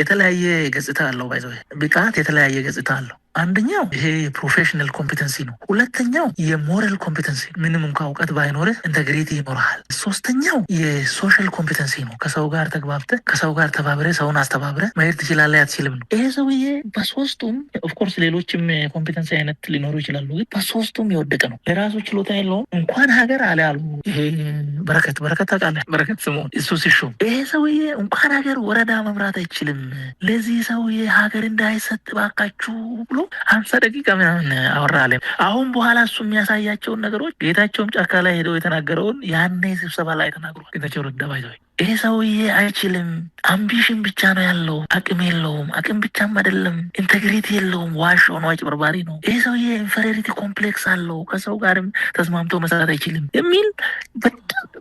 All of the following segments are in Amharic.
የተለያየ ገጽታ አለው። ባይዘ ብቃት የተለያየ ገጽታ አለው። አንደኛው ይሄ የፕሮፌሽናል ኮምፒተንሲ ነው። ሁለተኛው የሞራል ኮምፒተንሲ ምንም እንኳ እውቀት ባይኖርህ ኢንተግሪቲ ይኖርሃል። ሶስተኛው የሶሻል ኮምፒተንሲ ነው። ከሰው ጋር ተግባብተ ከሰው ጋር ተባብረ ሰውን አስተባብረ መሄድ ትችላለህ አትችልም ነው። ይሄ ሰውዬ በሶስቱም ኦፍኮርስ ሌሎችም የኮምፒተንሲ አይነት ሊኖሩ ይችላሉ፣ ግን በሶስቱም የወደቀ ነው። የራሱ ችሎታ የለውም። እንኳን ሀገር አለ አሉ ይሄ በረከት በረከት ታውቃለህ፣ በረከት ስምኦን እሱ ሲሾም ይሄ ሰውዬ እንኳን ሀገር ወረዳ መምራት አይችልም፣ ለዚህ ሰውዬ ሀገር እንዳይሰጥ ባካችሁ ብሎ ሀምሳ ደቂቃ ምናምን አወራለን። አሁን በኋላ እሱ የሚያሳያቸውን ነገሮች ጌታቸውም ጫካ ላይ ሄደው የተናገረውን ያኔ ስብሰባ ላይ ተናግሯል ጌታቸው ረዳ ባይዘ ይሄ ሰውዬ አይችልም፣ አምቢሽን ብቻ ነው ያለው፣ አቅም የለውም። አቅም ብቻም አይደለም ኢንቴግሪቲ የለውም፣ ዋሾ ነው፣ አጭበርባሪ ነው። ይሄ ሰውዬ ኢንፌሪሪቲ ኮምፕሌክስ አለው፣ ከሰው ጋርም ተስማምቶ መሰራት አይችልም የሚል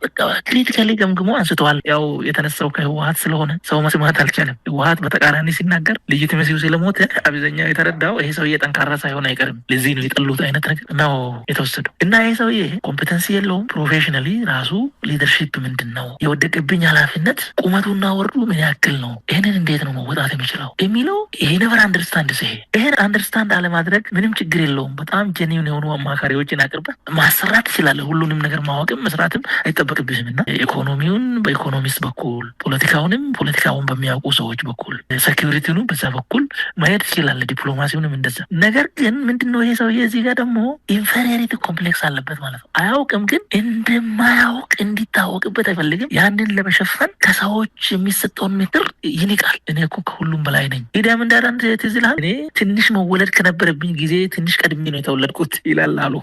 በቃ ክሪቲካሊ ገምግሞ አንስተዋል። ያው የተነሳው ከህወሀት ስለሆነ ሰው መስማት አልቻለም። ህወሀት በተቃራኒ ሲናገር ልጅት መሲው ስለሞተ አብዛኛው የተረዳው ይሄ ሰውዬ ጠንካራ ሳይሆን አይቀርም፣ ለዚህ ነው የጠሉት አይነት ነገር ነው የተወሰደው እና ይሄ ሰውዬ ኮምፕተንሲ የለውም። ፕሮፌሽናሊ ራሱ ሊደርሽፕ ምንድን ነው የወደቀብኝ ኃላፊነት ቁመቱና ወርዱ ምን ያክል ነው፣ ይህንን እንዴት ነው መወጣት የሚችለው የሚለው ይሄ ነበር አንደርስታንድ ሲሄ ይህን አንደርስታንድ አለማድረግ ምንም ችግር የለውም። በጣም ጀኒውን የሆኑ አማካሪዎችን አቅርበ ማሰራት ትችላለ ሁሉንም ነገር ማወቅም መስራትም አይጠበቅብህም እና ኢኮኖሚውን በኢኮኖሚስት በኩል ፖለቲካውንም ፖለቲካውን በሚያውቁ ሰዎች በኩል ሴኪሪቲኑ በዛ በኩል ማየት ትችላለህ። ዲፕሎማሲውንም እንደዛ። ነገር ግን ምንድነው ይሄ ሰውዬ እዚህ ጋር ደግሞ ኢንፌሪሪቲ ኮምፕሌክስ አለበት ማለት ነው። አያውቅም፣ ግን እንደማያውቅ እንዲታወቅበት አይፈልግም። ያንን ለመ ለመሸፈን ከሰዎች የሚሰጠውን ሜትር ይንቃል። እኔ እኮ ከሁሉም በላይ ነኝ። ኢዲያም እንዳዳን ትዝ ይልሃል። እኔ ትንሽ መወለድ ከነበረብኝ ጊዜ ትንሽ ቀድሜ ነው የተወለድኩት ይላል አሉ።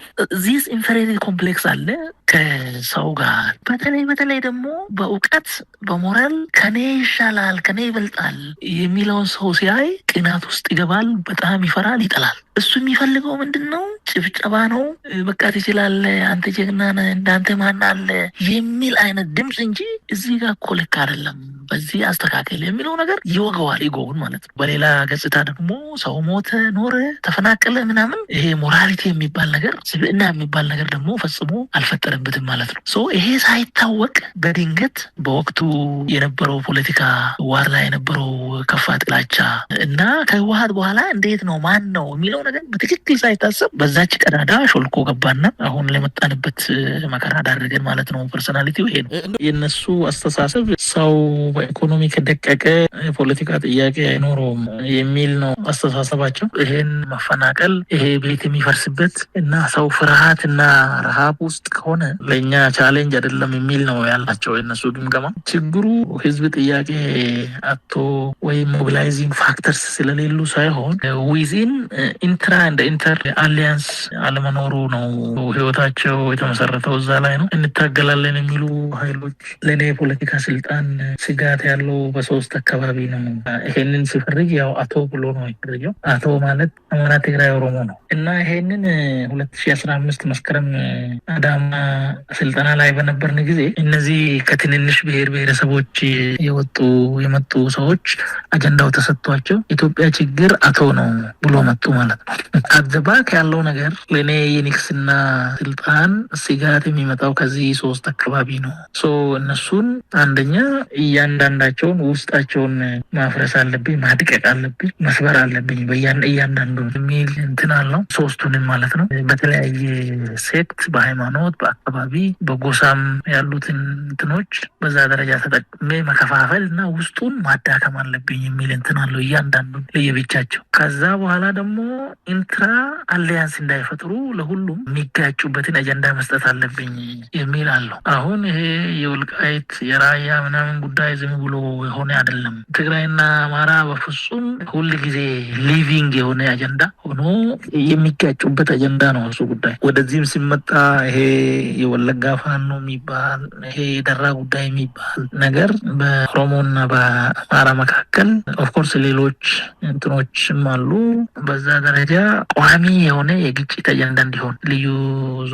ዚስ ኢንፌሪቲ ኮምፕሌክስ አለ ከሰው ጋር በተለይ በተለይ ደግሞ በእውቀት በሞራል ከኔ ይሻላል ከኔ ይበልጣል የሚለውን ሰው ሲያይ ቅናት ውስጥ ይገባል። በጣም ይፈራል፣ ይጠላል። እሱ የሚፈልገው ምንድን ነው? ጭብጨባ ነው። በቃ ትችላለህ፣ አንተ ጀግና ነህ፣ እንዳንተ ማን አለ የሚል አይነት ድምፅ እንጂ እዚህ እዚህ ጋር እኮ ልክ አይደለም። በዚህ አስተካከል የሚለው ነገር ይወገዋል ኢጎውን ማለት ነው። በሌላ ገጽታ ደግሞ ሰው ሞተ፣ ኖረ፣ ተፈናቀለ ምናምን ይሄ ሞራሊቲ የሚባል ነገር ስብዕና የሚባል ነገር ደግሞ ፈጽሞ አልፈጠረበትም ማለት ነው። ይሄ ሳይታወቅ በድንገት በወቅቱ የነበረው ፖለቲካ ዋር ላይ የነበረው ከፋ ጥላቻ እና ከህወሀት በኋላ እንዴት ነው ማን ነው የሚለው ነገር በትክክል ሳይታሰብ በዛች ቀዳዳ ሾልኮ ገባና አሁን ለመጣንበት መከራ ዳረገን ማለት ነው። ፐርሶናሊቲው ይሄ ነው። የነሱ አስተሳሰብ ሰው በኢኮኖሚ ከደቀቀ የፖለቲካ ጥያቄ አይኖረውም የሚል ነው አስተሳሰባቸው። ይሄን መፈናቀል ይሄ ቤት የሚፈርስበት እና ሰው ፍርሃት እና ረሃብ ውስጥ ከሆነ ለእኛ ቻሌንጅ አይደለም የሚል ነው ያላቸው የነሱ ግምገማ። ችግሩ ህዝብ ጥያቄ አቶ ወይም ሞቢላይዚንግ ፋክተርስ ስለሌሉ ሳይሆን ዊዚን ኢንትራ እንደ ኢንተር አሊያንስ አለመኖሩ ነው። ህይወታቸው የተመሰረተው እዛ ላይ ነው። እንታገላለን የሚሉ ሀይሎች ለእኔ የፖለቲካ ስልጣን ስጋ ጉዳት ያለው በሶስት አካባቢ ነው። ይሄንን ሲፈርጅ ያው አቶ ብሎ ነው የሚፈርጀው። አቶ ማለት አማራ፣ ትግራይ፣ ኦሮሞ ነው እና ይሄንን ሁለት ሺ አስራ አምስት መስከረም አዳማ ስልጠና ላይ በነበርን ጊዜ እነዚህ ከትንንሽ ብሔር ብሔረሰቦች የወጡ የመጡ ሰዎች አጀንዳው ተሰጥቷቸው ኢትዮጵያ ችግር አቶ ነው ብሎ መጡ ማለት ነው። አዘባክ ያለው ነገር ለእኔ የኒክስና ስልጣን ስጋት የሚመጣው ከዚህ ሶስት አካባቢ ነው። እነሱን አንደኛ እያን እያንዳንዳቸውን ውስጣቸውን ማፍረስ አለብኝ፣ ማድቀቅ አለብኝ፣ መስበር አለብኝ። በእያንዳንዱ የሚል እንትን አለው። ሶስቱንም ማለት ነው። በተለያየ ሴክት፣ በሃይማኖት፣ በአካባቢ፣ በጎሳም ያሉትን እንትኖች በዛ ደረጃ ተጠቅሜ መከፋፈል እና ውስጡን ማዳከም አለብኝ የሚል እንትን አለው። እያንዳንዱ ለየብቻቸው ከዛ በኋላ ደግሞ ኢንትራ አሊያንስ እንዳይፈጥሩ ለሁሉም የሚጋጩበትን አጀንዳ መስጠት አለብኝ የሚል አለው። አሁን ይሄ የወልቃይት የራያ ምናምን ጉዳይ ዝም ብሎ የሆነ አይደለም። ትግራይና አማራ በፍጹም ሁል ጊዜ ሊቪንግ የሆነ አጀንዳ ሆኖ የሚጋጩበት አጀንዳ ነው እሱ ጉዳይ። ወደዚህም ሲመጣ ይሄ የወለጋ ፋኖ የሚባል ይሄ የደራ ጉዳይ የሚባል ነገር በኦሮሞና በአማራ መካከል ኦፍኮርስ ሌሎች እንትኖችም አሉ። በዛ ደረጃ ቋሚ የሆነ የግጭት አጀንዳ እንዲሆን ልዩ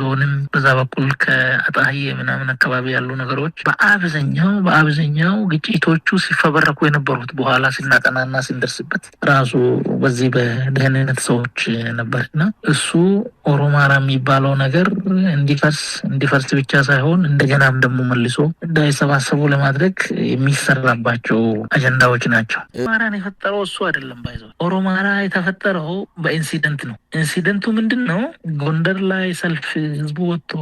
ዞንም በዛ በኩል ከአጣዬ ምናምን አካባቢ ያሉ ነገሮች በአብዛኛው በአብዛኛው ጥቂቶቹ ሲፈበረኩ የነበሩት በኋላ ስናጠናና ስንደርስበት ራሱ በዚህ በደህንነት ሰዎች ነበርና እሱ ኦሮማራ የሚባለው ነገር እንዲፈርስ እንዲፈርስ ብቻ ሳይሆን እንደገናም ደግሞ መልሶ እንዳይሰባሰቡ ለማድረግ የሚሰራባቸው አጀንዳዎች ናቸው። ኦሮማራን የፈጠረው እሱ አይደለም። ባይዘ ኦሮማራ የተፈጠረው በኢንሲደንት ነው። ኢንሲደንቱ ምንድን ነው? ጎንደር ላይ ሰልፍ ህዝቡ ወጥቶ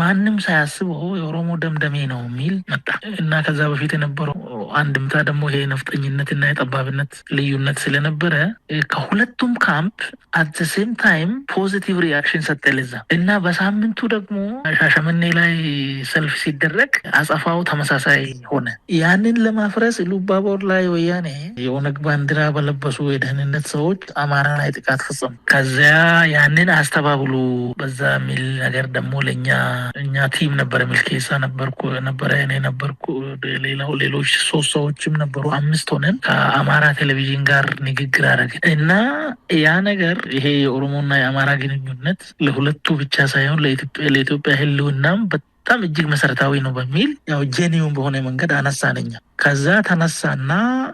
ማንም ሳያስበው የኦሮሞ ደምደሜ ነው የሚል መጣ እና ከዛ በፊት የነበረው አንድምታ ደግሞ ይሄ ነፍጠኝነትና የጠባብነት ልዩነት ስለነበረ ከሁለቱም ካምፕ አት ሴም ታይም ፖዚቲቭ ሪያ ሪያክሽን ሰጠ ለዛ እና በሳምንቱ ደግሞ ሻሸመኔ ላይ ሰልፍ ሲደረግ አጸፋው ተመሳሳይ ሆነ። ያንን ለማፍረስ ሉባቦር ላይ ወያኔ የኦነግ ባንዲራ በለበሱ የደህንነት ሰዎች አማራ ላይ ጥቃት ፈጸሙ። ከዚያ ያንን አስተባብሉ በዛ የሚል ነገር ደግሞ ለእኛ እኛ ቲም ነበር የሚል ኬሳ ነበርኩ ነበረ እኔ ነበርኩ ሌላው ሌሎች ሶስት ሰዎችም ነበሩ። አምስት ሆነን ከአማራ ቴሌቪዥን ጋር ንግግር አደረግን እና ያ ነገር ይሄ የኦሮሞና የአማራ ግንኙነት ስምምነት ለሁለቱ ብቻ ሳይሆን ለኢትዮጵያ ህልውናም በጣም እጅግ መሰረታዊ ነው በሚል ያው ጄኒውን በሆነ መንገድ አነሳነኛ። ከዛ ተነሳና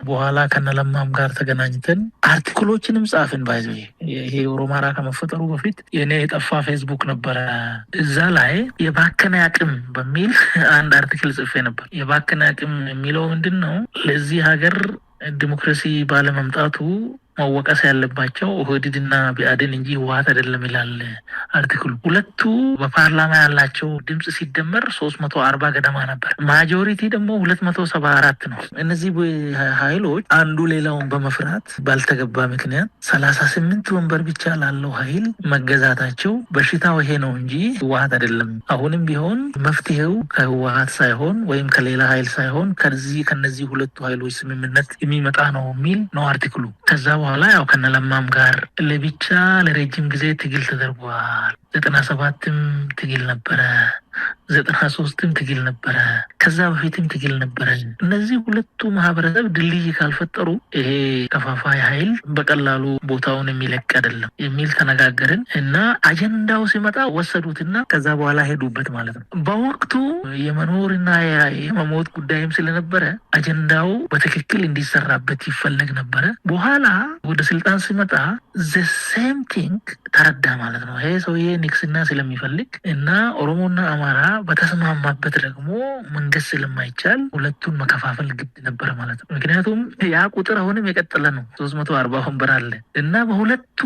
በኋላ ከነለማም ጋር ተገናኝተን አርቲክሎችንም ጻፍን። ባይ ይሄ ኦሮማራ ከመፈጠሩ በፊት የኔ የጠፋ ፌስቡክ ነበረ። እዛ ላይ የባከነ አቅም በሚል አንድ አርቲክል ጽፌ ነበር። የባከነ አቅም የሚለው ምንድን ነው? ለዚህ ሀገር ዲሞክራሲ ባለመምጣቱ መወቀስ ያለባቸው ኦህዴድና ቢአድን እንጂ ህወሀት አይደለም ይላል አርቲክሉ። ሁለቱ በፓርላማ ያላቸው ድምፅ ሲደመር ሶስት መቶ አርባ ገደማ ነበር። ማጆሪቲ ደግሞ ሁለት መቶ ሰባ አራት ነው። እነዚህ ሀይሎች አንዱ ሌላውን በመፍራት ባልተገባ ምክንያት ሰላሳ ስምንት ወንበር ብቻ ላለው ሀይል መገዛታቸው በሽታው ይሄ ነው እንጂ ህወሀት አይደለም። አሁንም ቢሆን መፍትሄው ከህወሀት ሳይሆን ወይም ከሌላ ሀይል ሳይሆን ከዚህ ከነዚህ ሁለቱ ሀይሎች ስምምነት የሚመጣ ነው የሚል ነው አርቲክሉ ከዛ በኋላ ያው ከነለማም ጋር ለብቻ ለረጅም ጊዜ ትግል ተደርጓል። ዘጠና ሰባትም ትግል ነበረ፣ ዘጠና ሶስትም ትግል ነበረ፣ ከዛ በፊትም ትግል ነበረ። እነዚህ ሁለቱ ማህበረሰብ ድልድይ ካልፈጠሩ ይሄ ከፋፋይ ኃይል በቀላሉ ቦታውን የሚለቅ አይደለም የሚል ተነጋገርን እና አጀንዳው ሲመጣ ወሰዱትና ከዛ በኋላ ሄዱበት ማለት ነው። በወቅቱ የመኖርና የመሞት ጉዳይም ስለነበረ አጀንዳው በትክክል እንዲሰራበት ይፈለግ ነበረ። በኋላ ወደ ስልጣን ሲመጣ ዘ ሴም ቲንግ ተረዳ ማለት ነው። ይሄ ሰውዬ ንግስና ስለሚፈልግ እና ኦሮሞና አማራ በተስማማበት ደግሞ መንገስ ስለማይቻል ሁለቱን መከፋፈል ግድ ነበረ ማለት ነው። ምክንያቱም ያ ቁጥር አሁንም የቀጠለ ነው። ሶስት መቶ አርባ ወንበር አለ እና በሁለቱ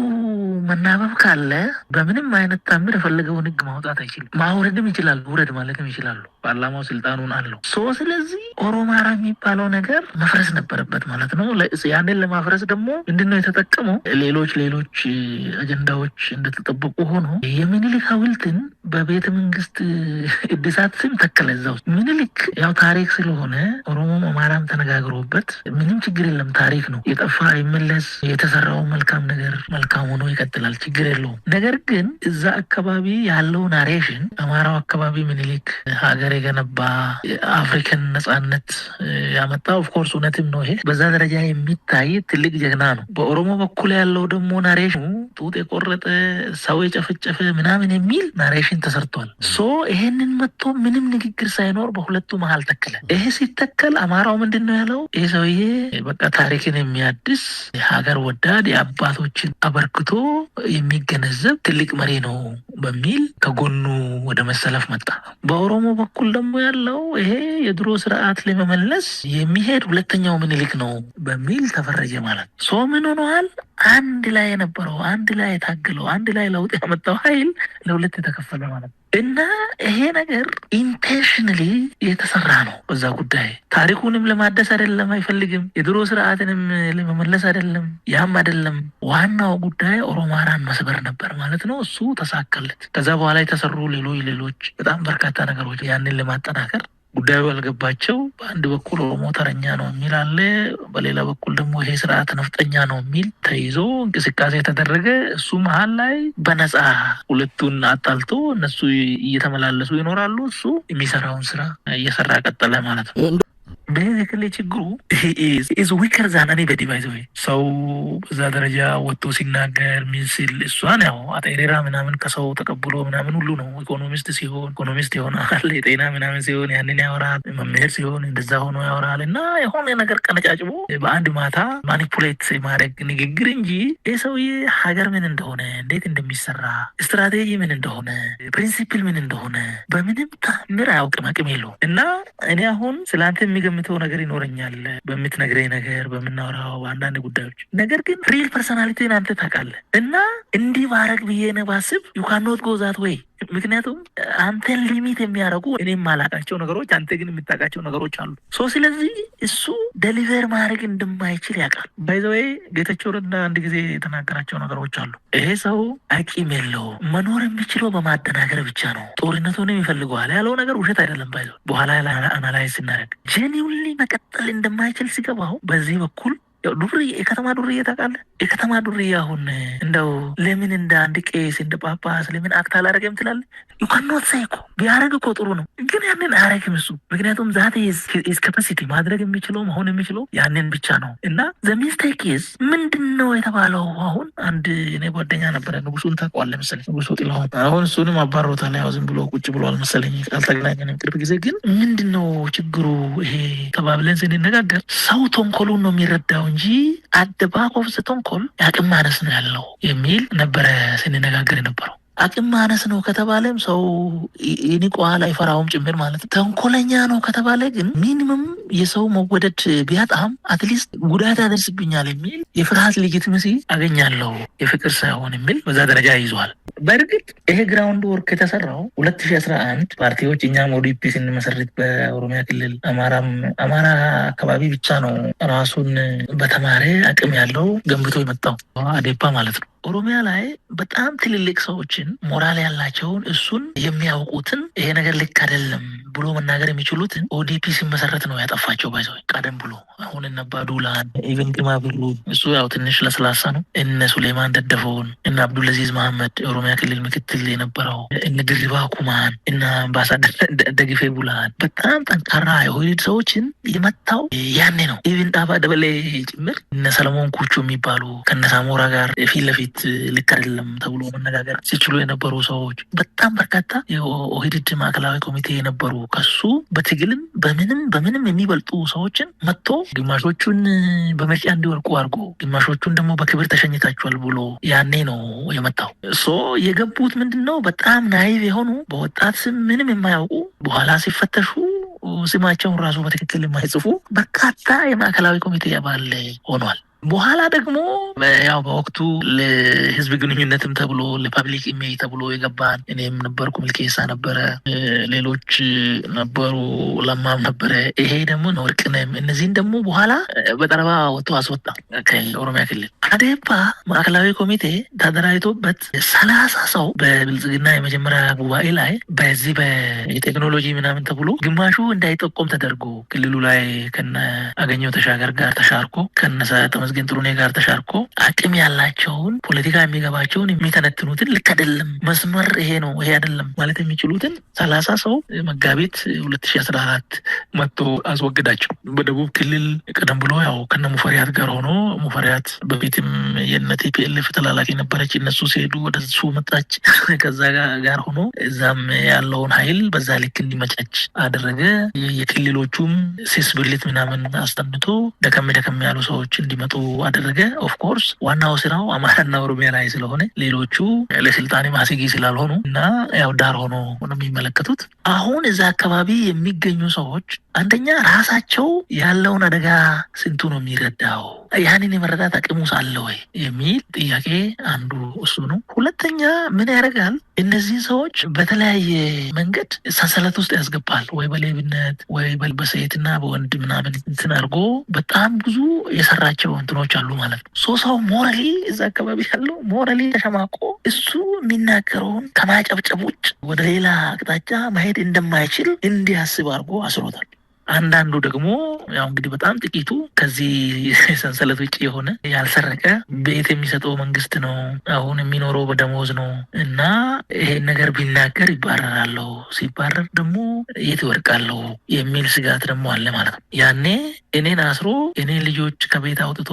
መናበብ ካለ በምንም አይነት ታምር የፈለገውን ህግ ማውጣት አይችልም። ማውረድም ይችላሉ ውረድ ማለትም ይችላሉ። ፓርላማው ስልጣኑን አለው ሶ ስለዚህ ኦሮማራ የሚባለው ነገር መፍረስ ነበረበት ማለት ነው። ያንን ለማፍረስ ደግሞ ምንድነው የተጠቀመው? ሌሎች ሌሎች አጀንዳዎች እንደተጠበቁ ሆኖ የሚኒሊክ ሐውልትን በቤተ መንግስት እድሳት ስም ተከለ። እዛ ውስጥ ያው ታሪክ ስለሆነ ኦሮሞም አማራም ተነጋግሮበት ምንም ችግር የለም ታሪክ ነው የጠፋ አይመለስ። የተሰራው መልካም ነገር መልካም ሆኖ ይቀጥላል፣ ችግር የለውም። ነገር ግን እዛ አካባቢ ያለው ናሬሽን አማራው አካባቢ ሚኒሊክ ሀገር የገነባ አፍሪካን ነጻነት ያመጣ ኦፍኮርስ እውነትም ነው። ይሄ በዛ ደረጃ የሚታይ ትልቅ ጀግና ነው። በኦሮሞ በኩል ያለው ደግሞ ናሬሽኑ ጡጥ የቆረጠ ሰው የጨፈጨፈ ምናምን የሚል ናሬሽን ተሰርቷል። ሶ ይሄንን መጥቶ ምንም ንግግር ሳይኖር በሁለቱ መሀል ተከለ። ይሄ ሲተከል አማራው ምንድን ነው ያለው? ይሄ ሰውዬ በቃ ታሪክን የሚያድስ የሀገር ወዳድ የአባቶችን አበርክቶ የሚገነዘብ ትልቅ መሪ ነው በሚል ከጎኑ ወደ መሰለፍ መጣ። በኦሮሞ በኩል በኩል ደግሞ ያለው ይሄ የድሮ ስርዓት ለመመለስ የሚሄድ ሁለተኛው ምኒልክ ነው በሚል ተፈረጀ ማለት ሶ ምን ሆነዋል አንድ ላይ የነበረው አንድ ላይ የታገለው አንድ ላይ ለውጥ ያመጣው ኃይል ለሁለት የተከፈለ ማለት ነው እና ይሄ ነገር ኢንቴንሽንሊ የተሰራ ነው። በዛ ጉዳይ ታሪኩንም ለማደስ አይደለም አይፈልግም፣ የድሮ ስርዓትንም ለመመለስ አይደለም፣ ያም አይደለም። ዋናው ጉዳይ ኦሮማራን መስበር ነበር ማለት ነው። እሱ ተሳካለት። ከዛ በኋላ የተሰሩ ሌሎች ሌሎች በጣም በርካታ ነገሮች ያንን ለማጠናከር ጉዳዩ ያልገባቸው በአንድ በኩል ኦሮሞ ተረኛ ነው የሚል አለ፣ በሌላ በኩል ደግሞ ይሄ ስርዓት ነፍጠኛ ነው የሚል ተይዞ እንቅስቃሴ የተደረገ እሱ መሀል ላይ በነፃ ሁለቱን አጣልቶ እነሱ እየተመላለሱ ይኖራሉ። እሱ የሚሰራውን ስራ እየሰራ ቀጠለ ማለት ነው። ቤዚክሊ ችግሩ ኢዝ ዊከር ዛን እኔ በዲ ወይ ሰው በዛ ደረጃ ወጥቶ ሲናገር ምን ሲል እሷን ያው አጠሬራ ምናምን ከሰው ተቀብሎ ምናምን ሁሉ ነው። ኢኮኖሚስት ሲሆን ኢኮኖሚስት የሆነ አካል የጤና ምናምን ሲሆን ያንን ያወራል። መምህር ሲሆን እንደዛ ሆኖ ያወራል። እና የሆነ ነገር ቀነጫጭቦ በአንድ ማታ ማኒፑሌት ማድረግ ንግግር እንጂ ይህ ሰውዬ ሀገር ምን እንደሆነ፣ እንዴት እንደሚሰራ፣ ስትራቴጂ ምን እንደሆነ፣ ፕሪንሲፕል ምን እንደሆነ በምንም ታምር አያውቅም። አቅም የለውም። እና እኔ አሁን ስለአንተ የሚገ የምገምተው ነገር ይኖረኛል በምትነግረኝ ነገር፣ በምናወራው አንዳንድ ጉዳዮች። ነገር ግን ሪል ፐርሶናሊቲን አንተ ታውቃለህ እና እንዲህ ባረግ ብዬ ነባስብ ዩካኖት ጎዛት ወይ ምክንያቱም አንተን ሊሚት የሚያደርጉ እኔ የማላቃቸው ነገሮች አንተ ግን የምታውቃቸው ነገሮች አሉ። ሶ ስለዚህ እሱ ደሊቨር ማድረግ እንደማይችል ያውቃል። ባይዘወይ ጌታቸው ረዳ አንድ ጊዜ የተናገራቸው ነገሮች አሉ። ይሄ ሰው አቂም የለው መኖር የሚችለው በማደናገር ብቻ ነው። ጦርነቱንም ይፈልገዋል ያለው ነገር ውሸት አይደለም። ባይዘዌ በኋላ አናላይዝ ስናደርግ ጄኒውንሊ መቀጠል እንደማይችል ሲገባው በዚህ በኩል ዱርዬ የከተማ ዱርዬ ታውቃለህ የከተማ ዱርዬ አሁን እንደው ለምን እንደ አንድ ቄስ እንደ ጳጳስ ለምን አክት አላረገም ትላለ? ዩካኖት ሳይ እኮ ቢያረግ እኮ ጥሩ ነው፣ ግን ያንን አያረግም እሱ። ምክንያቱም ዛት ስ ካፓሲቲ ማድረግ የሚችለው መሆን የሚችለው ያንን ብቻ ነው። እና ዘሚስቴክ ስ ምንድን ነው የተባለው? አሁን አንድ እኔ ጓደኛ ነበረ ንጉሱን ታውቀዋለህ መሰለኝ፣ ንጉሱ ጥላሁን። አሁን እሱንም አባሮታል። ያው ዝም ብሎ ቁጭ ብሏል መሰለኝ፣ አልተገናኘንም ቅርብ ጊዜ። ግን ምንድን ነው ችግሩ? ይሄ ተባብለን ስንነጋገር ሰው ተንኮሉን ነው የሚረዳው እንጂ አደባኮፍ ተንኮል በኩል የአቅም ማነስ ነው ያለው የሚል ነበረ ስንነጋገር የነበረው። አቅም ማነስ ነው ከተባለም ሰው ይንቀዋል፣ አይፈራውም ጭምር ማለት ነው። ተንኮለኛ ነው ከተባለ ግን ሚኒመም የሰው መወደድ ቢያጣም አትሊስት ጉዳት ያደርስብኛል የሚል የፍርሃት ሌጂትመሲ አገኛለሁ የፍቅር ሳይሆን የሚል በዛ ደረጃ ይዟል። በእርግጥ ይሄ ግራውንድ ወርክ የተሰራው ሁለት ሺ አስራ አንድ ፓርቲዎች እኛም ኦዲፒ ስንመሰርት በኦሮሚያ ክልል አማራም አማራ አካባቢ ብቻ ነው ራሱን በተማሪ አቅም ያለው ገንብቶ የመጣው አዴፓ ማለት ነው። ኦሮሚያ ላይ በጣም ትልልቅ ሰዎችን ሞራል ያላቸውን እሱን የሚያውቁትን ይሄ ነገር ልክ አይደለም ብሎ መናገር የሚችሉትን ኦዲፒ ሲመሰረት ነው ያጠፋቸው። ባይዘው ቀደም ብሎ አሁን እነ ባዱላን ኢቨን ግማ ብሉ እሱ ያው ትንሽ ለስላሳ ነው። እነ ሱሌማን ደደፈውን እነ አብዱልአዚዝ መሐመድ የኦሮሚያ ክልል ምክትል የነበረው እነ ድሪባ ኩማን እና አምባሳደር ደግፌ ቡላን በጣም ጠንካራ የሆኑ ሰዎችን የመታው ያኔ ነው። ኢቭን ጣፋ ደበሌ ጭምር እነ ሰለሞን ኩቹ የሚባሉ ከነ ሳሞራ ጋር ፊት ለፊት ልክ አይደለም ተብሎ መነጋገር ሲችሉ የነበሩ ሰዎች በጣም በርካታ የኦህዴድ ማዕከላዊ ኮሚቴ የነበሩ ከሱ በትግልም በምንም በምንም የሚበልጡ ሰዎችን መጥቶ ግማሾቹን በምርጫ እንዲወርቁ አድርጎ ግማሾቹን ደግሞ በክብር ተሸኝታችኋል ብሎ ያኔ ነው የመጣው። የገቡት ምንድን ነው በጣም ናይቭ የሆኑ በወጣት ስም ምንም የማያውቁ በኋላ ሲፈተሹ ስማቸውን ራሱ በትክክል የማይጽፉ በርካታ የማዕከላዊ ኮሚቴ አባል ሆኗል። በኋላ ደግሞ ያው በወቅቱ ለህዝብ ግንኙነትም ተብሎ ለፐብሊክ ኢሜይ ተብሎ የገባን እኔም ነበርኩ፣ ሚልኬሳ ነበረ፣ ሌሎች ነበሩ፣ ለማም ነበረ። ይሄ ደግሞ ወርቅነህም እነዚህን ደግሞ በኋላ በጠረባ ወጥቶ አስወጣ ከኦሮሚያ ክልል። አዴፓ ማዕከላዊ ኮሚቴ ተደራጅቶበት ሰላሳ ሰው በብልጽግና የመጀመሪያ ጉባኤ ላይ በዚህ በቴክኖሎጂ ምናምን ተብሎ ግማሹ እንዳይጠቆም ተደርጎ ክልሉ ላይ ከነ አገኘው ተሻገር ጋር ተሻርኮ ከነ ግን ጥሩኔ ጋር ተሻርኮ አቅም ያላቸውን ፖለቲካ የሚገባቸውን የሚተነትኑትን ልክ አይደለም መስመር ይሄ ነው ይሄ አይደለም ማለት የሚችሉትን ሰላሳ ሰው መጋቢት ሁለት ሺ አስራ አራት መጥቶ አስወግዳቸው። በደቡብ ክልል ቀደም ብሎ ያው ከነ ሙፈሪያት ጋር ሆኖ ሙፈሪያት በፊትም የነ ቲፒኤልኤፍ ተላላፊ ነበረች። እነሱ ሲሄዱ ሱ መጣች። ከዛ ጋር ሆኖ እዛም ያለውን ሀይል በዛ ልክ እንዲመቻች አደረገ። የክልሎቹም ሴስ ብልት ምናምን አስጠምቶ ደከም ደከም ያሉ ሰዎች እንዲመጡ አደረገ። ኦፍኮርስ ዋናው ስራው አማራና ኦሮሚያ ላይ ስለሆነ ሌሎቹ ለስልጣኔ ማስጊ ስላልሆኑ እና ያው ዳር ሆኖ ነው የሚመለከቱት። አሁን እዛ አካባቢ የሚገኙ ሰዎች አንደኛ ራሳቸው ያለውን አደጋ ስንቱ ነው የሚረዳው? ያንን የመረዳት አቅሙስ አለ ወይ የሚል ጥያቄ አንዱ እሱ ነው። ሁለተኛ ምን ያደርጋል እነዚህን ሰዎች በተለያየ መንገድ ሰንሰለት ውስጥ ያስገባል። ወይ በሌብነት ወይ በሴትና በወንድ ምናምን እንትን አድርጎ በጣም ብዙ የሰራቸው እንትኖች አሉ ማለት ነው። ሶ ሰው ሞራሊ እዛ አካባቢ ያለው ሞራሊ ተሸማቆ እሱ የሚናገረውን ከማጨብጨብ ውጭ ወደ ሌላ አቅጣጫ መሄድ እንደማይችል እንዲያስብ አድርጎ አስሮታል። አንዳንዱ ደግሞ ያው እንግዲህ በጣም ጥቂቱ ከዚህ ሰንሰለት ውጭ የሆነ ያልሰረቀ ቤት የሚሰጠው መንግስት ነው። አሁን የሚኖረው በደሞዝ ነው እና ይሄን ነገር ቢናገር ይባረራለሁ፣ ሲባረር ደግሞ የት ይወድቃለሁ የሚል ስጋት ደግሞ አለ ማለት ነው። ያኔ እኔን አስሮ እኔን ልጆች ከቤት አውጥቶ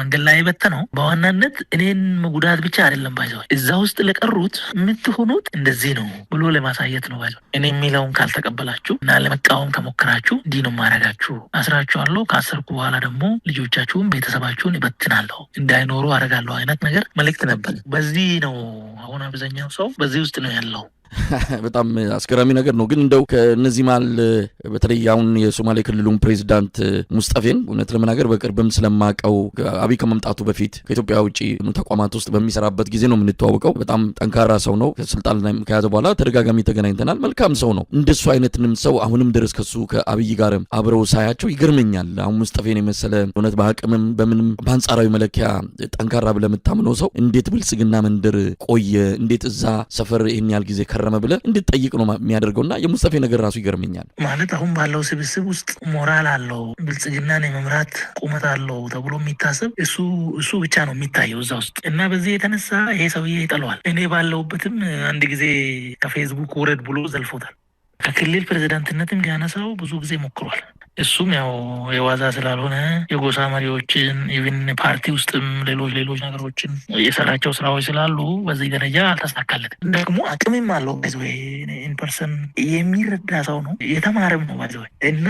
መንገድ ላይ በተ ነው በዋናነት እኔን መጉዳት ብቻ አይደለም ባይዘ እዛ ውስጥ ለቀሩት የምትሆኑት እንደዚህ ነው ብሎ ለማሳየት ነው ባይዘ እኔ የሚለውን ካልተቀበላችሁ እና ለመቃወም ከሞክራ ከሆናችሁ እንዲህ ነው ማረጋችሁ፣ አስራችኋለሁ። ከአስርኩ በኋላ ደግሞ ልጆቻችሁን ቤተሰባችሁን ይበትናለሁ፣ እንዳይኖሩ አረጋለሁ አይነት ነገር መልእክት ነበር። በዚህ ነው አሁን አብዛኛው ሰው በዚህ ውስጥ ነው ያለው። በጣም አስገራሚ ነገር ነው። ግን እንደው ከእነዚህ መሀል በተለይ አሁን የሶማሌ ክልሉን ፕሬዚዳንት ሙስጠፌን እውነት ለመናገር በቅርብም ስለማቀው አብይ ከመምጣቱ በፊት ከኢትዮጵያ ውጭ ተቋማት ውስጥ በሚሰራበት ጊዜ ነው የምንተዋወቀው። በጣም ጠንካራ ሰው ነው። ስልጣን ከያዘ በኋላ ተደጋጋሚ ተገናኝተናል። መልካም ሰው ነው። እንደሱ አይነትንም ሰው አሁንም ድረስ ከሱ ከአብይ ጋር አብረው ሳያቸው ይገርመኛል። አሁን ሙስጠፌን የመሰለ እውነት በአቅምም በምንም በአንጻራዊ መለኪያ ጠንካራ ብለምታምነው ሰው እንዴት ብልጽግና መንደር ቆየ? እንዴት እዛ ሰፈር ይህን ያህል ጊዜ ከረመ ብለ እንድጠይቅ ነው የሚያደርገውና የሙስጠፌ ነገር ራሱ ይገርመኛል። ማለት አሁን ባለው ስብስብ ውስጥ ሞራል አለው ብልጽግናን የመምራት ቁመት አለው ተብሎ የሚታሰብ እሱ እሱ ብቻ ነው የሚታየው እዛ ውስጥ እና በዚህ የተነሳ ይሄ ሰውዬ ይጠለዋል። እኔ ባለውበትም አንድ ጊዜ ከፌስቡክ ውረድ ብሎ ዘልፎታል። ከክልል ፕሬዚዳንትነትም ሊያነሳው ብዙ ጊዜ ሞክሯል። እሱም ያው የዋዛ ስላልሆነ የጎሳ መሪዎችን ኢቭን ፓርቲ ውስጥም ሌሎች ሌሎች ነገሮችን የሰራቸው ስራዎች ስላሉ በዚህ ደረጃ አልተሳካለትም። ደግሞ አቅምም አለው ባይዘወይ ኢንፐርሰን የሚረዳ ሰው ነው የተማረም ነው ባይዘወይ እና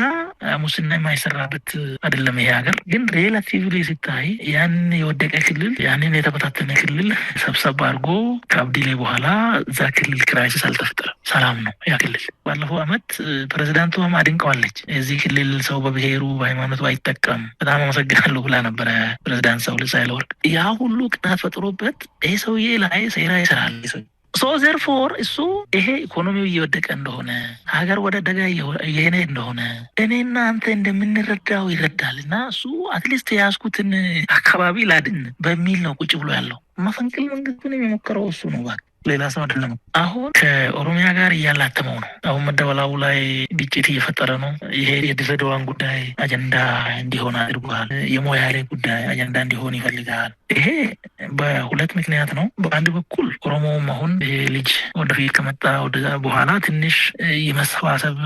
ሙስና የማይሰራበት አይደለም ይሄ ሀገር። ግን ሬላቲቭሊ ሲታይ ያን የወደቀ ክልል ያንን የተበታተነ ክልል ሰብሰብ አድርጎ ከአብዲሌ በኋላ እዛ ክልል ክራይሲስ አልተፈጠረም። ሰላም ነው ያ ክልል። ባለፈው አመት ፕሬዚዳንቱ አድንቀዋለች የዚህ ክልል ሰው በብሔሩ በሃይማኖቱ አይጠቀም በጣም አመሰግናለሁ ብላ ነበረ ፕሬዚዳንት ሳህለወርቅ ሳህለወርቅ። ያ ሁሉ ቅናት ፈጥሮበት ይሄ ሰውዬ ላይ ሴራ ይሰራል ሶ ዘርፎር እሱ ይሄ ኢኮኖሚው እየወደቀ እንደሆነ ሀገር ወደ ደጋ እየሄነ እንደሆነ እኔና አንተ እንደምንረዳው ይረዳል እና እሱ አትሊስት የያዝኩትን አካባቢ ላድን በሚል ነው ቁጭ ብሎ ያለው። መፈንቅል መንግስቱን የሚሞከረው እሱ ነው። እባክህ ሌላ ሰው አይደለም። አሁን ከኦሮሚያ ጋር እያላተመው ነው። አሁን መደበላቡ ላይ ግጭት እየፈጠረ ነው። ይሄ የድሬዳዋን ጉዳይ አጀንዳ እንዲሆን አድርጓል። የሞያሌ ጉዳይ አጀንዳ እንዲሆን ይፈልጋል። ይሄ በሁለት ምክንያት ነው። በአንድ በኩል ኦሮሞውም አሁን ይሄ ልጅ ወደፊት ከመጣ ወደዛ በኋላ ትንሽ የመሰባሰብ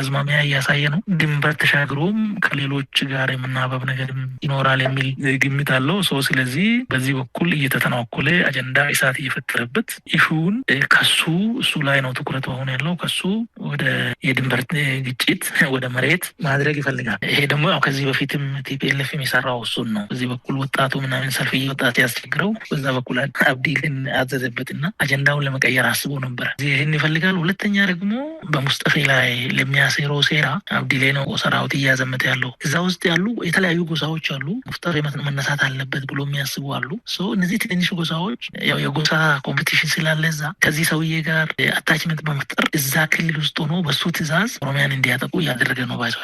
አዝማሚያ እያሳየ ነው። ድንበር ተሻግሮም ከሌሎች ጋር የምናበብ ነገር ይኖራል የሚል ግምት አለው። ሰው ስለዚህ በዚህ በኩል እየተተናኮለ አጀንዳ እሳት እየፈጠረበት ይሁን ከሱ እሱ ላይ ነው ትኩረት አሁን ያለው ከሱ ወደ የድንበር ግጭት ወደ መሬት ማድረግ ይፈልጋል። ይሄ ደግሞ ያው ከዚህ በፊትም ቲፒኤልኤፍ የሚሰራው እሱን ነው። በዚህ በኩል ወጣቱ ምናምን ሰልፍ ወጣት ያስቸግረው በዛ በኩል አብዲልን አዘዘበትና አጀንዳውን ለመቀየር አስቦ ነበረ። ይህን ይፈልጋል። ሁለተኛ ደግሞ በሙስጠፌ ላይ ለሚያሴረው ሴራ አብዲሌ ነው ሰራዊት እያዘመተ ያለው። እዛ ውስጥ ያሉ የተለያዩ ጎሳዎች አሉ። ሙስጠፌ መነሳት አለበት ብሎ የሚያስቡ አሉ። እነዚህ ትንንሽ ጎሳዎች ያው የጎሳ ኮምፒቲ ፖለቲሽን ስላለ እዛ ከዚህ ሰውዬ ጋር አታችመንት በመፍጠር እዛ ክልል ውስጥ ሆኖ በሱ ትእዛዝ ኦሮሚያን እንዲያጠቁ እያደረገ ነው። ባይዘ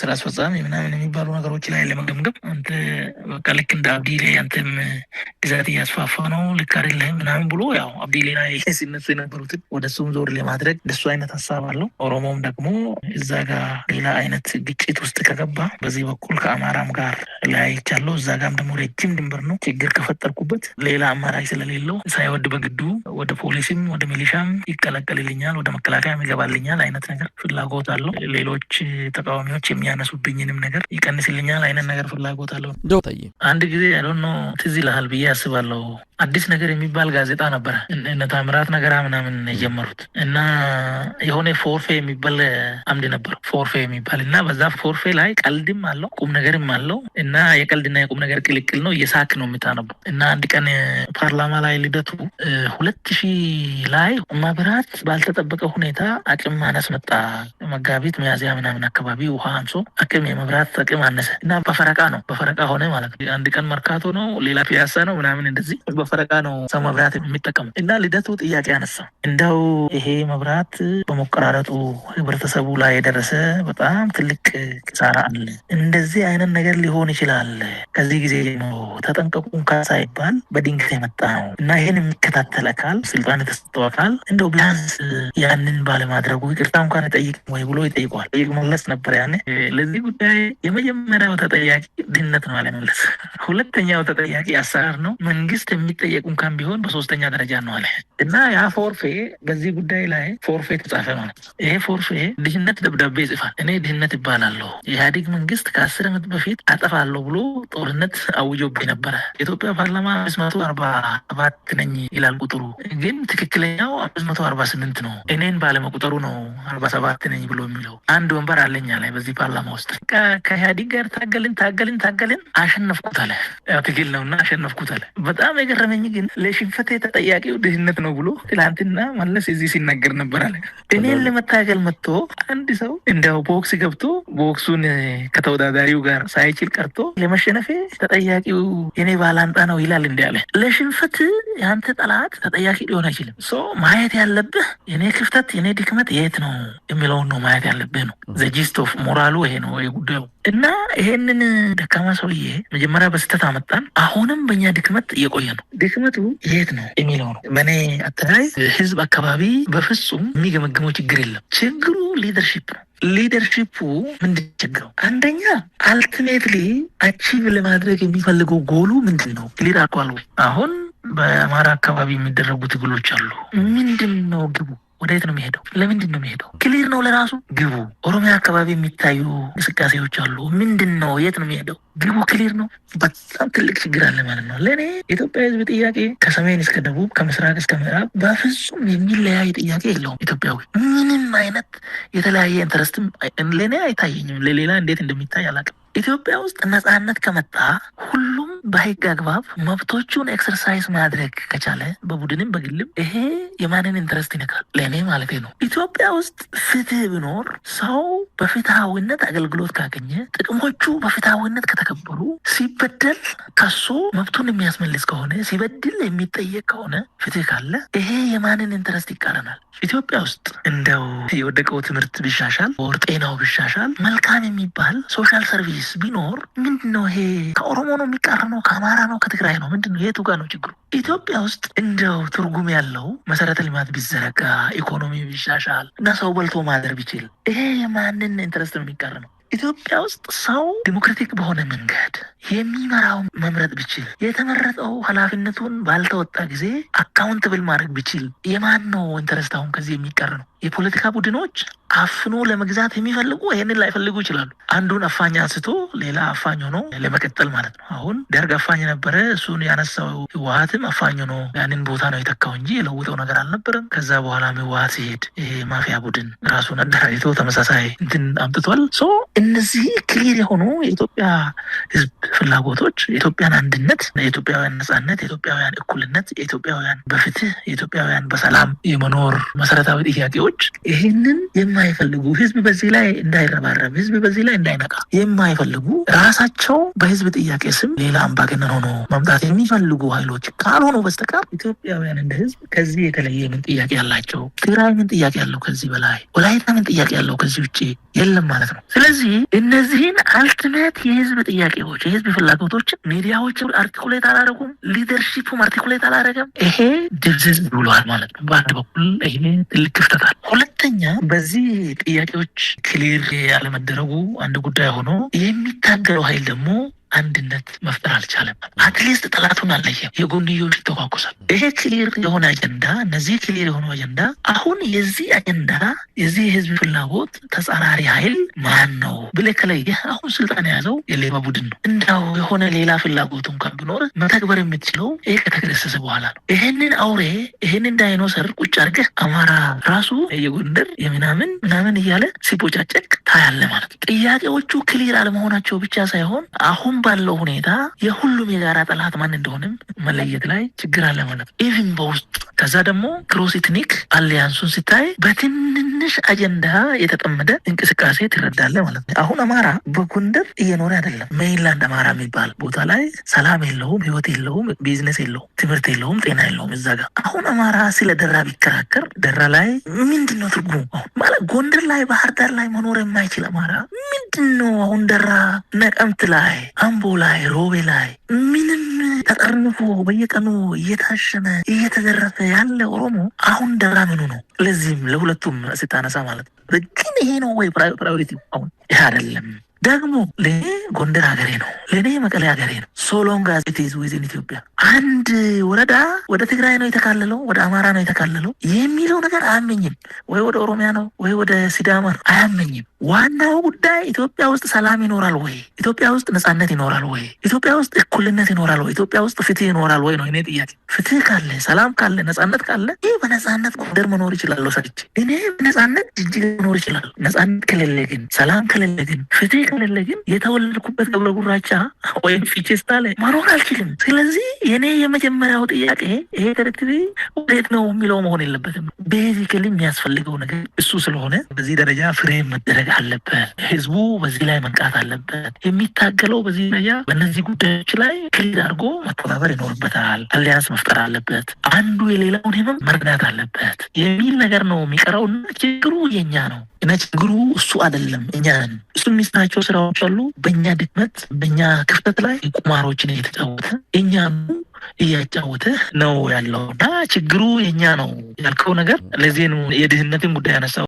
ስራ አስፈጻሚ ምናምን የሚባሉ ነገሮች ላይ ለመገምገም አንተ በቃ ልክ እንደ አብዲሌ አንተም ግዛት እያስፋፋ ነው ልክ አይደለም ምናምን ብሎ ያው አብዲሌ ሌና ሲነሱ የነበሩትን ወደ ዞር ለማድረግ እንደሱ አይነት ሀሳብ አለው። ኦሮሞም ደግሞ እዛ ጋር ሌላ አይነት ግጭት ውስጥ ከገባ በዚህ በኩል ከአማራም ጋር ለያይቻለሁ እዛ ጋም ደግሞ ረጅም ድንበር ነው ችግር ከፈጠርኩበት ሌላ አማራጭ ስለሌለው ሳይወድ በግዱ ወደ ፖሊስም ወደ ሚሊሻም ይቀላቀልልኛል፣ ወደ መከላከያም ይገባልኛል አይነት ነገር ፍላጎት አለው። ሌሎች ተቃዋሚዎች የሚያነሱብኝንም ነገር ይቀንስልኛል አይነት ነገር ፍላጎት አለው። አንድ ጊዜ ነው ትዝ ይልሃል ብዬ አስባለሁ አዲስ ነገር የሚባል ጋዜጣ ነበረ። እነ ታምራት ነገራ ምናምን የጀመሩት እና የሆነ ፎርፌ የሚባል አምድ ነበረው ፎርፌ የሚባል እና በዛ ፎርፌ ላይ ቀልድም አለው ቁም ነገርም አለው እና የቀልድና የቁም ነገር ቅልቅል ነው። እየሳክ ነው የምታነበው እና አንድ ቀን ፓርላማ ላይ ልደቱ ሁለት ሺ ላይ መብራት ባልተጠበቀ ሁኔታ አቅም ማነስ መጣ። መጋቢት መያዝያ ምናምን አካባቢ ውሃ አንሶ አቅም የመብራት አቅም አነሰ እና በፈረቃ ነው በፈረቃ ሆነ ማለት ነው። አንድ ቀን መርካቶ ነው፣ ሌላ ፒያሳ ነው ምናምን እንደዚህ ፈረቃ ነው ሰው መብራት የሚጠቀሙ እና ልደቱ ጥያቄ አነሳ። እንደው ይሄ መብራት በመቆራረጡ ህብረተሰቡ ላይ የደረሰ በጣም ትልቅ ኪሳራ አለ። እንደዚህ አይነት ነገር ሊሆን ይችላል። ከዚህ ጊዜ ጀምሮ ተጠንቀቁ እንኳ ሳይባል በድንገት የመጣ ነው እና ይህን የሚከታተል አካል ስልጣን የተሰጠው አካል እንደው ቢያንስ ያንን ባለማድረጉ ይቅርታ እንኳን ጠይቅ ወይ ብሎ ይጠይቋል። ጠይቅ መለስ ነበር ያኔ ለዚህ ጉዳይ የመጀመሪያው ተጠያቂ ድህነት ነው አለመለስ። ሁለተኛው ተጠያቂ አሰራር ነው መንግስት የሚ የሚጠየቁ እንኳን ቢሆን በሶስተኛ ደረጃ ነው አለ እና ያ ፎርፌ በዚህ ጉዳይ ላይ ፎርፌ ተጻፈ ማለት ነው። ይሄ ፎርፌ ድህነት ደብዳቤ ይጽፋል። እኔ ድህነት ይባላለሁ። የኢህአዴግ መንግስት ከአስር ዓመት በፊት አጠፋለሁ ብሎ ጦርነት አውጆብኝ ነበረ። የኢትዮጵያ ፓርላማ አምስት መቶ አርባ ሰባት ነኝ ይላል ቁጥሩ፣ ግን ትክክለኛው አምስት መቶ አርባ ስምንት ነው። እኔን ባለመቁጠሩ ነው አርባ ሰባት ነኝ ብሎ የሚለው አንድ ወንበር አለኛ ላይ በዚህ ፓርላማ ውስጥ ከኢህአዴግ ጋር ታገልን ታገልን ታገልን አሸነፍኩት አለ። ትግል ነውና አሸነፍኩት አለ። በጣም የገረ ነኝ ግን ለሽንፈቴ ተጠያቂው ድህነት ነው ብሎ ትላንትና መለስ እዚህ ሲናገር አለ። እኔን ለመታገል መጥቶ አንድ ሰው እንደው ቦክስ ገብቶ ቦክሱን ከተወዳዳሪው ጋር ሳይችል ቀርቶ ለመሸነፌ ተጠያቂው የኔ ባላንጣ ነው ይላል። እንዲ ያለ ለሽንፈት የአንተ ጠላት ተጠያቂ ሊሆን አይችልም። ሶ ማየት ያለብህ የኔ ክፍተት የኔ ድክመት የት ነው የሚለውን ነው ማየት ያለብህ ነው። ዘጂስት ኦፍ ሞራሉ ይሄ ነው ጉዳዩ እና ይሄንን ደካማ ሰውዬ መጀመሪያ በስተት አመጣን። አሁንም በእኛ ድክመት እየቆየ ነው። ድክመቱ የት ነው የሚለው ነው። በእኔ አተያይ ህዝብ አካባቢ በፍጹም የሚገመግመው ችግር የለም። ችግሩ ሊደርሺፕ ነው። ሊደርሺፑ ምንድን ችግረው? አንደኛ አልቲሜትሊ አቺቭ ለማድረግ የሚፈልገው ጎሉ ምንድን ነው? ክሊር አሁን በአማራ አካባቢ የሚደረጉ ትግሎች አሉ። ምንድን ነው ግቡ? ወደየት ነው የሚሄደው? ለምንድን ነው የሚሄደው? ክሊር ነው ለራሱ ግቡ። ኦሮሚያ አካባቢ የሚታዩ እንቅስቃሴዎች አሉ። ምንድን ነው የት ነው የሚሄደው? ግቡ ክሊር ነው። በጣም ትልቅ ችግር አለ ማለት ነው። ለእኔ የኢትዮጵያ ሕዝብ ጥያቄ ከሰሜን እስከ ደቡብ ከምስራቅ እስከ ምዕራብ በፍጹም የሚለያይ ጥያቄ የለውም። ኢትዮጵያዊ ምንም አይነት የተለያየ ኢንተረስትም ለእኔ አይታየኝም። ለሌላ እንዴት እንደሚታይ አላውቅም። ኢትዮጵያ ውስጥ ነጻነት ከመጣ ሁሉም በህግ አግባብ መብቶቹን ኤክሰርሳይዝ ማድረግ ከቻለ በቡድንም በግልም ይሄ የማንን ኢንትረስት ይነካል? ለእኔ ማለት ነው። ኢትዮጵያ ውስጥ ፍትህ ቢኖር ሰው በፍትሃዊነት አገልግሎት ካገኘ፣ ጥቅሞቹ በፍትሃዊነት ከተከበሩ፣ ሲበደል ከሶ መብቱን የሚያስመልስ ከሆነ፣ ሲበድል የሚጠየቅ ከሆነ፣ ፍትህ ካለ ይሄ የማንን ኢንትረስት ይቃረናል? ኢትዮጵያ ውስጥ እንደው የወደቀው ትምህርት ቢሻሻል፣ ወር ጤናው ቢሻሻል፣ መልካም የሚባል ሶሻል ሰርቪስ ፖሊስ ቢኖር ምንድን ነው ይሄ? ከኦሮሞ ነው የሚቀር ነው? ከአማራ ነው? ከትግራይ ነው? ምንድን ነው የቱ ጋር ነው ችግሩ? ኢትዮጵያ ውስጥ እንደው ትርጉም ያለው መሰረተ ልማት ቢዘረጋ ኢኮኖሚ ቢሻሻል እና ሰው በልቶ ማደር ቢችል ይሄ የማንን ኢንትረስት ነው የሚቀር ነው? ኢትዮጵያ ውስጥ ሰው ዲሞክራቲክ በሆነ መንገድ የሚመራው መምረጥ ቢችል የተመረጠው ኃላፊነቱን ባልተወጣ ጊዜ አካውንትብል ማድረግ ቢችል የማን ነው ኢንተረስት አሁን ከዚህ የሚቀር ነው? የፖለቲካ ቡድኖች አፍኖ ለመግዛት የሚፈልጉ ይህንን ላይፈልጉ ይችላሉ። አንዱን አፋኝ አንስቶ ሌላ አፋኝ ሆኖ ለመቀጠል ማለት ነው። አሁን ደርግ አፋኝ ነበረ፣ እሱን ያነሳው ህወሀትም አፋኝ ሆኖ ያንን ቦታ ነው የተካው እንጂ የለውጠው ነገር አልነበረም። ከዛ በኋላም ህወሀት ሲሄድ ይሄ ማፊያ ቡድን ራሱን አደራጅቶ ተመሳሳይ እንትን አምጥቷል። እነዚህ ክሊር የሆኑ የኢትዮጵያ ህዝብ ፍላጎቶች የኢትዮጵያን አንድነት፣ የኢትዮጵያውያን ነጻነት፣ የኢትዮጵያውያን እኩልነት፣ የኢትዮጵያውያን በፍትህ፣ የኢትዮጵያውያን በሰላም የመኖር መሰረታዊ ጥያቄዎች ይህንን የማይፈልጉ ህዝብ በዚህ ላይ እንዳይረባረብ፣ ህዝብ በዚህ ላይ እንዳይነቃ የማይፈልጉ ራሳቸው በህዝብ ጥያቄ ስም ሌላ አምባገነን ሆኖ መምጣት የሚፈልጉ ኃይሎች ካልሆኑ በስተቀር ኢትዮጵያውያን እንደ ህዝብ ከዚህ የተለየ ምን ጥያቄ ያላቸው? ትግራይ ምን ጥያቄ ያለው ከዚህ በላይ? ወላይታ ምን ጥያቄ ያለው ከዚህ ውጭ የለም ማለት ነው። ስለዚህ እነዚህን አልትሜት የህዝብ ጥያቄዎች የህዝብ ፍላጎቶችን ሚዲያዎች አርቲኩሌት አላደረጉም፣ ሊደርሺፑም አርቲኩሌት አላደረገም። ይሄ ድብዝዝ ብሏል ማለት ነው። በአንድ በኩል ይሄ ትልቅ ክፍተት አለ። ሁለተኛ በዚህ ጥያቄዎች ክሊር ያለመደረጉ አንድ ጉዳይ ሆኖ የሚታገለው ኃይል ደግሞ አንድነት መፍጠር አልቻለም። አትሊስት ጠላቱን አለየም። የጎንዮሽ ይተኳኩሳል። ይሄ ክሊር የሆነ አጀንዳ እነዚህ ክሊር የሆነ አጀንዳ አሁን የዚህ አጀንዳ የዚህ የህዝብ ፍላጎት ተጻራሪ ኃይል ማን ነው ብለህ ከለየህ አሁን ስልጣን የያዘው የሌባ ቡድን ነው። እንዳው የሆነ ሌላ ፍላጎት እንኳን ቢኖር መተግበር የምትችለው ይሄ ከተገደሰሰ በኋላ ነው። ይሄንን አውሬ ይሄንን ዳይኖሰር ቁጭ አድርገህ አማራ ራሱ የጎንደር የምናምን ምናምን እያለ ሲቦጫጨቅ ታያለ ማለት ነው። ጥያቄዎቹ ክሊር አለመሆናቸው ብቻ ሳይሆን አሁን ባለው ሁኔታ የሁሉም የጋራ ጠላት ማን እንደሆነም መለየት ላይ ችግር አለ ማለት ነው። ኢቭን በውስጡ ከዛ ደግሞ ክሮስ ኢትኒክ አሊያንሱን ሲታይ በትንንሽ አጀንዳ የተጠመደ እንቅስቃሴ ትረዳለ ማለት ነው። አሁን አማራ በጎንደር እየኖረ አይደለም። ሜይንላንድ አማራ የሚባል ቦታ ላይ ሰላም የለውም፣ ህይወት የለውም፣ ቢዝነስ የለውም፣ ትምህርት የለውም፣ ጤና የለውም። እዛ ጋር አሁን አማራ ስለ ደራ ቢከራከር ደራ ላይ ምንድን ነው ትርጉሙ? አሁን ማለት ጎንደር ላይ ባህር ዳር ላይ መኖር የማይችል አማራ ምንድን ነው አሁን ደራ ነቀምት ላይ አምቦ ላይ ሮቤ ላይ ምንም ተጠርንፎ በየቀኑ እየታሸነ እየተዘረፈ ያለ ኦሮሞ አሁን ደራ ምኑ ነው? ለዚህም ለሁለቱም ስታነሳ ማለት ነው። ግን ይሄ ነው ወይ ፕራዮሪቲ? አሁን ይህ አይደለም። ደግሞ ለእኔ ጎንደር ሀገሬ ነው። ለእኔ መቀሌ ሀገሬ ነው። ሶሎንግ ቴዝ ዊዝን ኢትዮጵያ አንድ ወረዳ ወደ ትግራይ ነው የተካለለው፣ ወደ አማራ ነው የተካለለው የሚለው ነገር አያመኝም። ወይ ወደ ኦሮሚያ ነው ወይ ወደ ሲዳማ ነው፣ አያመኝም። ዋናው ጉዳይ ኢትዮጵያ ውስጥ ሰላም ይኖራል ወይ፣ ኢትዮጵያ ውስጥ ነጻነት ይኖራል ወይ፣ ኢትዮጵያ ውስጥ እኩልነት ይኖራል ወይ፣ ኢትዮጵያ ውስጥ ፍትህ ይኖራል ወይ ነው እኔ ጥያቄ። ፍትህ ካለ፣ ሰላም ካለ፣ ነጻነት ካለ ይህ በነጻነት ጎንደር መኖር ይችላለሁ። ሰች እኔ በነጻነት ጅጅግ መኖር ይችላል። ነጻነት ከሌለ ግን፣ ሰላም ከሌለ ግን፣ ፍትህ ከሌለ ግን የተወለድኩበት ገብረ ጉራቻ ወይም ፊቼስታ ላይ ማኖር አልችልም። ስለዚህ የኔ የመጀመሪያው ጥያቄ ይሄ ተረክቢ ወዴት ነው የሚለው መሆን የለበትም። ቤዚክሊ የሚያስፈልገው ነገር እሱ ስለሆነ በዚህ ደረጃ ፍሬ መደረግ አለበት። ህዝቡ በዚህ ላይ መንቃት አለበት። የሚታገለው በዚህ ደረጃ በእነዚህ ጉዳዮች ላይ ክሊድ አድርጎ መተባበር ይኖርበታል። አሊያንስ መፍጠር አለበት። አንዱ የሌላውን ህመም መርዳት አለበት የሚል ነገር ነው የሚቀረውና ችግሩ የኛ ነው። እና ችግሩ እሱ አይደለም፣ እኛ ነን። እሱ የሚሰራቸው ስራዎች አሉ። በእኛ ድክመት፣ በእኛ ክፍተት ላይ ቁማሮችን እየተጫወተ እኛኑ እያጫወተ ነው ያለው እና ችግሩ የእኛ ነው ያልከው ነገር ለዚህ የድህነትን ጉዳይ ያነሳው።